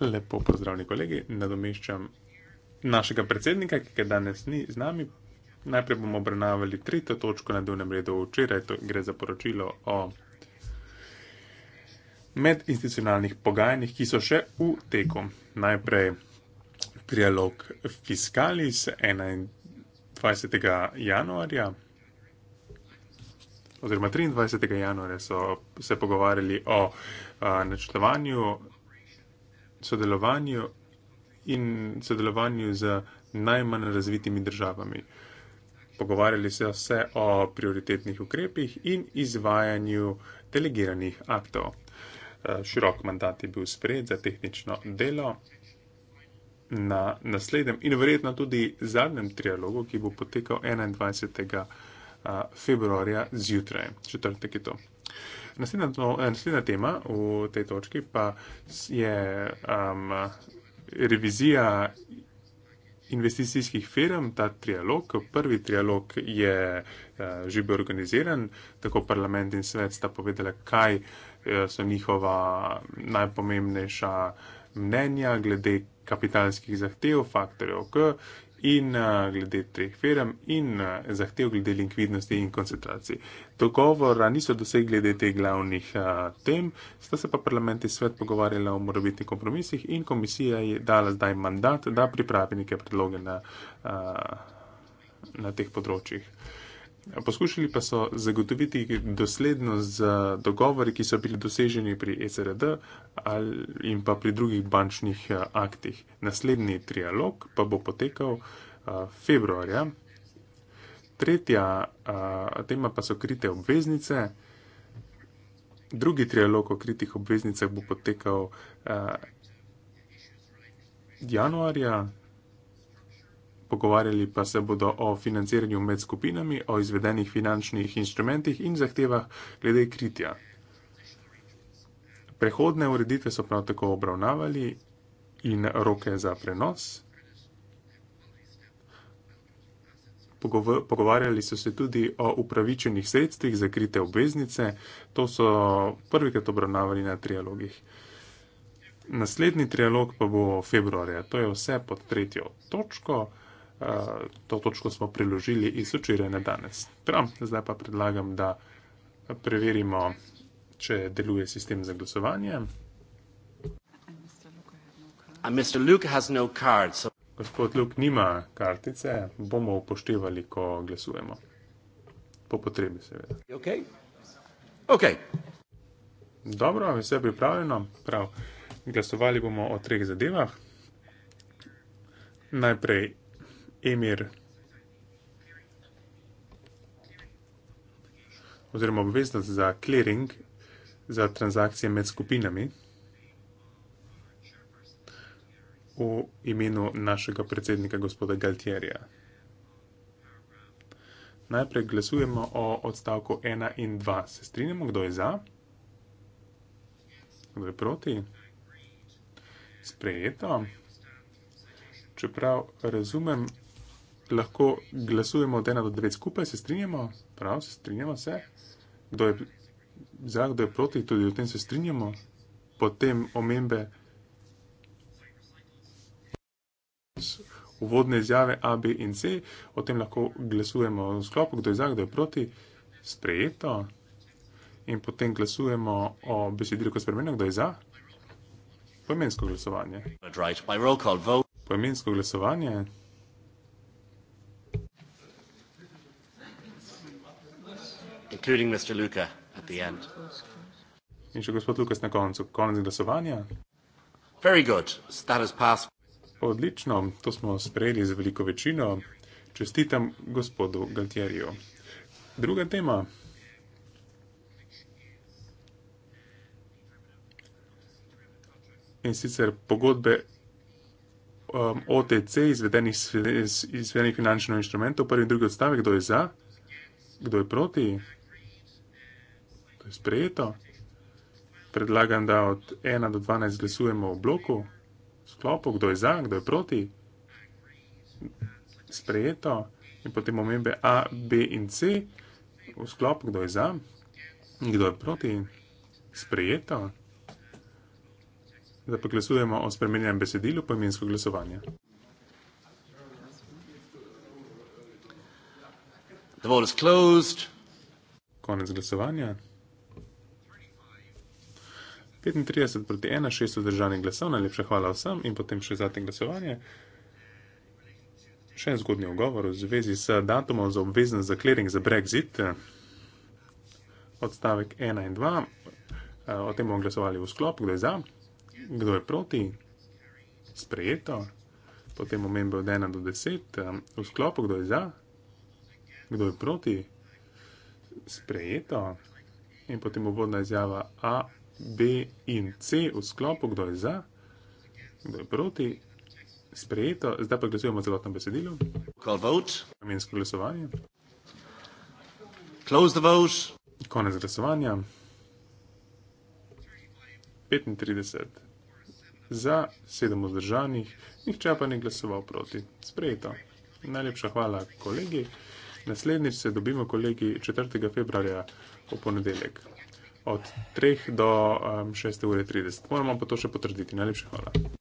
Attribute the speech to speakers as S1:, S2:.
S1: Lepo pozdravljeni, kolegi. Nadomeščam našega predsednika, ki ga danes ni z nami. Najprej bomo obravnavali tretjo točko na dnevnem redu včeraj. To gre za poročilo o medinstitucionalnih pogajanjih, ki so še v teku. Najprej trialog fiskalis 21. januarja. Oziroma, 23. januarja so se pogovarjali o načrtovanju sodelovanju in sodelovanju z najmanj razvitimi državami. Pogovarjali so se o prioritetnih ukrepih in izvajanju delegiranih aktov. Eh, širok mandat je bil sprejet za tehnično delo na naslednjem in verjetno tudi zadnjem trialogu, ki bo potekal 21. Eh, februarja zjutraj, četrtek je to. Naslednja, to, eh, naslednja tema v tej točki pa je um, revizija investicijskih firm, ta trialog. Prvi trialog je uh, že bil organiziran, tako parlament in svet sta povedala, kaj eh, so njihova najpomembnejša mnenja glede kapitalskih zahtev, faktorjev K in uh, glede treh firm in uh, zahtev glede likvidnosti in koncentracije. Dogovora niso dosegli glede teh glavnih uh, tem, sta se pa parlament in svet pogovarjala o morebitnih kompromisih in komisija je dala zdaj mandat, da pripravi neke predloge na, uh, na teh področjih. Uh, Poskušali pa so zagotoviti doslednost za dogovori, ki so bili doseženi pri ECRD in pa pri drugih bančnih eh, aktih. Naslednji trialog pa bo potekal eh, februarja. Tretja eh, tema pa so krite obveznice. Drugi trialog o kritih obveznicah bo potekal januarja pogovarjali pa se bodo o financiranju med skupinami, o izvedenih finančnih inštrumentih in zahtevah glede kritja. Prehodne ureditve so prav tako obravnavali in roke za prenos. Pogovarjali so se tudi o upravičenih sredstvih za krite obveznice. To so prvikrat obravnavali na trialogih. Naslednji trialog pa bo februarja. To je vse pod tretjo točko to točko smo priložili iz včeraj na danes. Prav, zdaj pa predlagam, da preverimo, če deluje sistem za glasovanje. No Gospod Luk nima kartice, bomo upoštevali, ko glasujemo. Po potrebi, seveda. Okay. Okay. Dobro, vse je pripravljeno. Prav, glasovali bomo o treh zadevah. Najprej emir oziroma obveznost za clearing za transakcije med skupinami v imenu našega predsednika gospoda Galtierja. Najprej glasujemo o odstavku 1 in 2. Se strinjamo, kdo je za? Kdo je proti? Sprejeto. Čeprav razumem, lahko glasujemo od ena do devet skupaj, se strinjamo, prav, se strinjamo se, kdo je za, kdo je proti, tudi o tem se strinjamo, potem omembe uvodne izjave A, B in C, o tem lahko glasujemo v sklopu, kdo je za, kdo je proti, sprejeto in potem glasujemo o besedilu, ko spremenimo, kdo je za, pojmensko glasovanje. Pojmensko glasovanje. including Mr. Luka at the end. In še gospod Lukas na koncu, konec glasovanja. Very good. That has passed. Odlično, to smo sprejeli z veliko večino. Čestitam gospodu Galtjeriju. Druga tema. In sicer pogodbe um, OTC izvedenih, izvedenih finančnih inštrumentov, prvi in drugi odstavek, kdo je za, kdo je proti. To je sprejeto. Predlagam, da od 1 do 12 glasujemo v bloku, v sklopu, kdo je za, kdo je proti. Sprejeto in potem omembe A, B in C, v sklopu, kdo je za in kdo je proti. Sprejeto. Zdaj pa glasujemo o spremenjenem besedilu poimensko glasovanje. The vote is closed. Konec glasovanja. 35 proti 1, 6 vzdržanih glasov, najlepša hvala vsem in potem še zadnje glasovanje. Še en zgodnji ogovor v zvezi s datumom za obvezen zaklering za Brexit, odstavek 1 in 2. O tem bomo glasovali v sklop, kdo je za, kdo je proti, sprejeto, potem omembe od 1 do 10, v sklop, kdo je za, kdo je proti, sprejeto in potem uvodna izjava A. B in C v sklopu, kdo je za, kdo je proti, sprejeto. Zdaj pa glasujemo o celotnem besedilu. Namensko glasovanje. Close the vote. Konec glasovanja. 35 za, 7 vzdržanih, nihče pa ni glasoval proti. Sprejeto. Najlepša hvala, kolegi. Naslednjič se dobimo, kolegi, 4. februarja v ponedeljek od 3 do um, 6 ure 30. Moramo pa to še potrditi. Najlepša hvala.